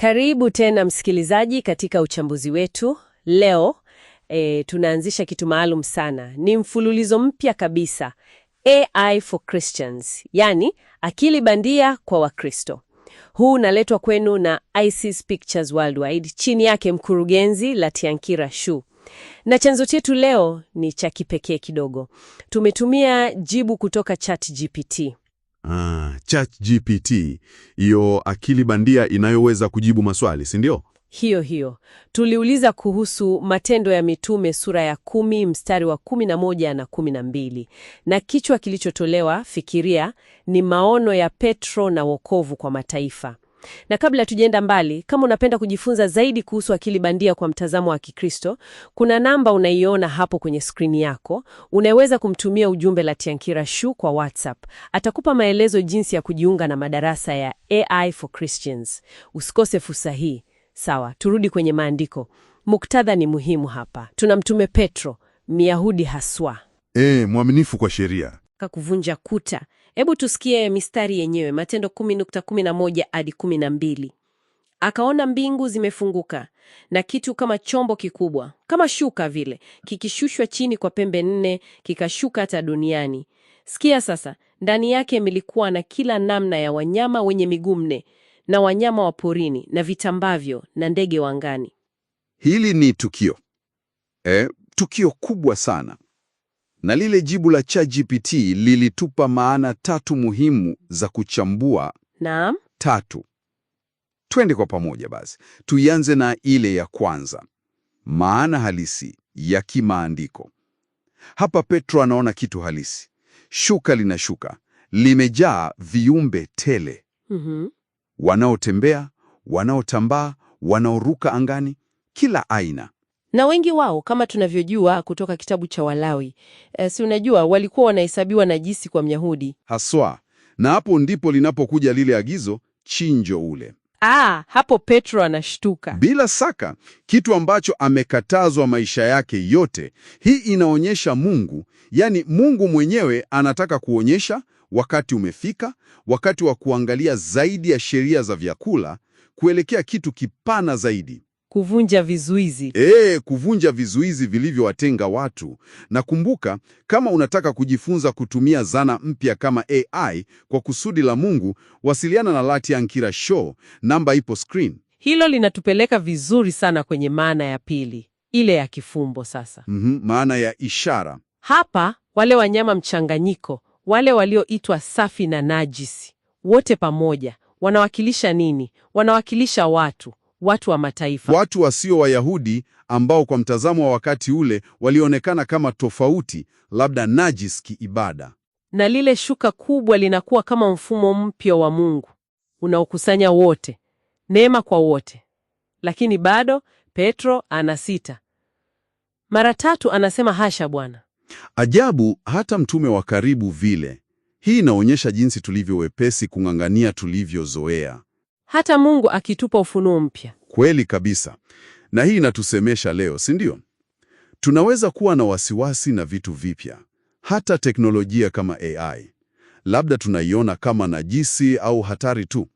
Karibu tena msikilizaji katika uchambuzi wetu. Leo e, tunaanzisha kitu maalum sana. Ni mfululizo mpya kabisa, AI for Christians, yani akili bandia kwa Wakristo. Huu unaletwa kwenu na ICES Pictures Worldwide, chini yake mkurugenzi Latiankira Shu, na chanzo chetu leo ni cha kipekee kidogo. Tumetumia jibu kutoka ChatGPT. Ah, ChatGPT, hiyo akili bandia inayoweza kujibu maswali, si ndio? Hiyo hiyo tuliuliza kuhusu Matendo ya Mitume sura ya kumi mstari wa kumi na moja na kumi na mbili na kichwa kilichotolewa fikiria, ni maono ya Petro na wokovu kwa mataifa. Na kabla tujaenda mbali, kama unapenda kujifunza zaidi kuhusu akili bandia kwa mtazamo wa Kikristo, kuna namba unaiona hapo kwenye skrini yako. Unaweza kumtumia ujumbe la tiankira Shu kwa WhatsApp. Atakupa maelezo jinsi ya kujiunga na madarasa ya AI for Christians. Usikose fursa hii. Sawa, turudi kwenye maandiko. Muktadha ni muhimu hapa. Tuna Mtume Petro, Myahudi haswa, e, mwaminifu kwa sheria, Kakuvunja kuta Hebu tusikie mistari yenyewe, Matendo 10:11 hadi 12. Akaona mbingu zimefunguka na kitu kama chombo kikubwa kama shuka vile kikishushwa chini kwa pembe nne, kikashuka hata duniani. Sikia sasa, ndani yake milikuwa na kila namna ya wanyama wenye miguu nne na wanyama wa porini na vitambavyo na ndege wangani Hili ni tukio e, tukio kubwa sana na lile jibu la ChatGPT lilitupa maana tatu muhimu za kuchambua. Naam, tatu. Twende kwa pamoja basi, tuianze na ile ya kwanza, maana halisi ya kimaandiko. Hapa Petro anaona kitu halisi, shuka linashuka, limejaa viumbe tele. mm -hmm. Wanaotembea, wanaotambaa, wanaoruka angani, kila aina na wengi wao kama tunavyojua kutoka kitabu cha Walawi e, si unajua walikuwa wanahesabiwa najisi kwa Myahudi haswa, na hapo ndipo linapokuja lile agizo chinjo ule. Ah, hapo Petro anashtuka bila saka, kitu ambacho amekatazwa maisha yake yote. Hii inaonyesha Mungu, yani Mungu mwenyewe anataka kuonyesha wakati umefika, wakati wa kuangalia zaidi ya sheria za vyakula kuelekea kitu kipana zaidi. Kuvunja vizuizi. E, kuvunja vizuizi vilivyowatenga watu. Na kumbuka, kama unataka kujifunza kutumia zana mpya kama AI kwa kusudi la Mungu, wasiliana na lati ankira Show, namba ipo screen. Hilo linatupeleka vizuri sana kwenye maana ya pili, ile ya kifumbo sasa. Mm -hmm, maana ya ishara. Hapa wale wanyama mchanganyiko, wale walioitwa safi na najisi, wote pamoja wanawakilisha nini? Wanawakilisha watu watu wa mataifa, watu wasio Wayahudi ambao kwa mtazamo wa wakati ule walionekana kama tofauti, labda najis kiibada. Na lile shuka kubwa linakuwa kama mfumo mpya wa Mungu unaokusanya wote, neema kwa wote. Lakini bado Petro anasita mara tatu, anasema hasha, Bwana. Ajabu, hata mtume wa karibu vile. Hii inaonyesha jinsi tulivyo wepesi kung'ang'ania tulivyozoea hata Mungu akitupa ufunuo mpya. Kweli kabisa, na hii inatusemesha leo, si ndio? Tunaweza kuwa na wasiwasi na vitu vipya, hata teknolojia kama AI. Labda tunaiona kama najisi au hatari tu,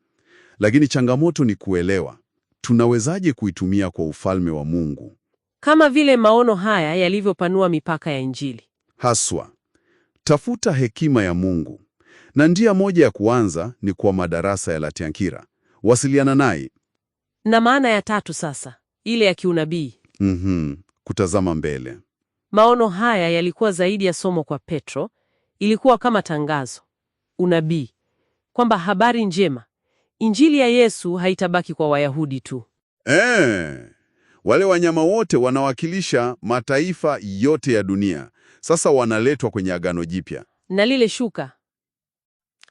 lakini changamoto ni kuelewa tunawezaje kuitumia kwa ufalme wa Mungu, kama vile maono haya yalivyopanua mipaka ya Injili. Haswa, tafuta hekima ya Mungu, na njia moja ya kuanza ni kwa madarasa ya Latiankira wasiliana naye. Na maana ya tatu sasa, ile ya kiunabii. Mm -hmm. Kutazama mbele. Maono haya yalikuwa zaidi ya somo kwa Petro, ilikuwa kama tangazo, unabii, kwamba habari njema, injili ya Yesu haitabaki kwa Wayahudi tu. E, wale wanyama wote wanawakilisha mataifa yote ya dunia sasa wanaletwa kwenye Agano Jipya na lile shuka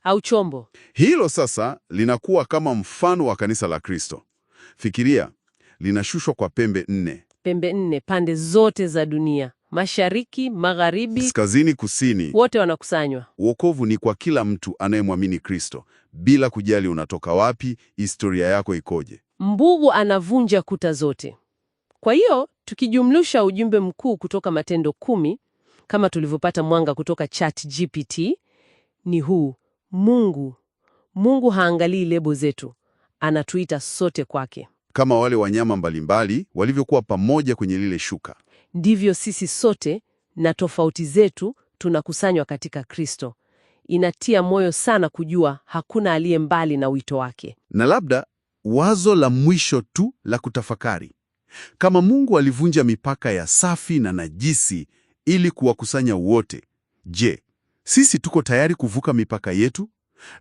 au chombo. Hilo sasa linakuwa kama mfano wa kanisa la Kristo. Fikiria, linashushwa kwa pembe nne, pembe nne, pande zote za dunia, mashariki, magharibi, kaskazini, kusini, wote wanakusanywa. Uokovu ni kwa kila mtu anayemwamini Kristo, bila kujali unatoka wapi, historia yako ikoje. Mbugu anavunja kuta zote. Kwa hiyo tukijumlusha ujumbe mkuu kutoka Matendo kumi kama tulivyopata mwanga kutoka ChatGPT ni huu: Mungu, Mungu haangalii lebo zetu, anatuita sote kwake. Kama wale wanyama mbalimbali walivyokuwa pamoja kwenye lile shuka, ndivyo sisi sote na tofauti zetu tunakusanywa katika Kristo. Inatia moyo sana kujua hakuna aliye mbali na wito wake. Na labda wazo la mwisho tu la kutafakari, kama Mungu alivunja mipaka ya safi na najisi ili kuwakusanya wote, je, sisi tuko tayari kuvuka mipaka yetu,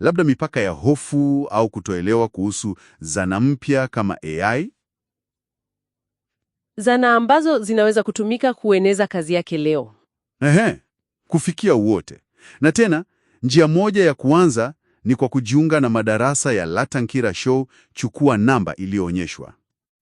labda mipaka ya hofu au kutoelewa kuhusu zana mpya kama AI, zana ambazo zinaweza kutumika kueneza kazi yake leo. Ehe, kufikia wote. Na tena njia moja ya kuanza ni kwa kujiunga na madarasa ya Latankira Show. Chukua namba iliyoonyeshwa.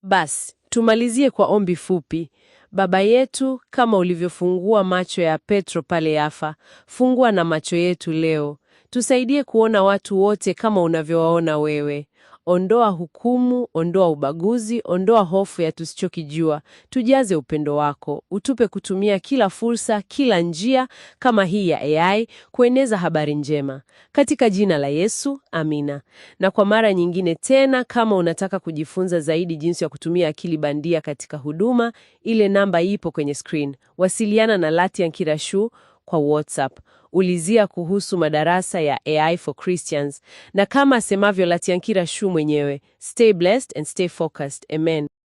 Basi tumalizie kwa ombi fupi. Baba yetu, kama ulivyofungua macho ya Petro pale Yafa, fungua na macho yetu leo. Tusaidie kuona watu wote kama unavyowaona wewe. Ondoa hukumu, ondoa ubaguzi, ondoa hofu ya tusichokijua. Tujaze upendo wako, utupe kutumia kila fursa, kila njia kama hii ya AI kueneza habari njema, katika jina la Yesu, amina. Na kwa mara nyingine tena, kama unataka kujifunza zaidi jinsi ya kutumia akili bandia katika huduma, ile namba ipo kwenye screen. Wasiliana na Latian Kirashu kwa WhatsApp, ulizia kuhusu madarasa ya AI for Christians, na kama asemavyo Latiankira Shu mwenyewe, stay blessed and stay focused. Amen.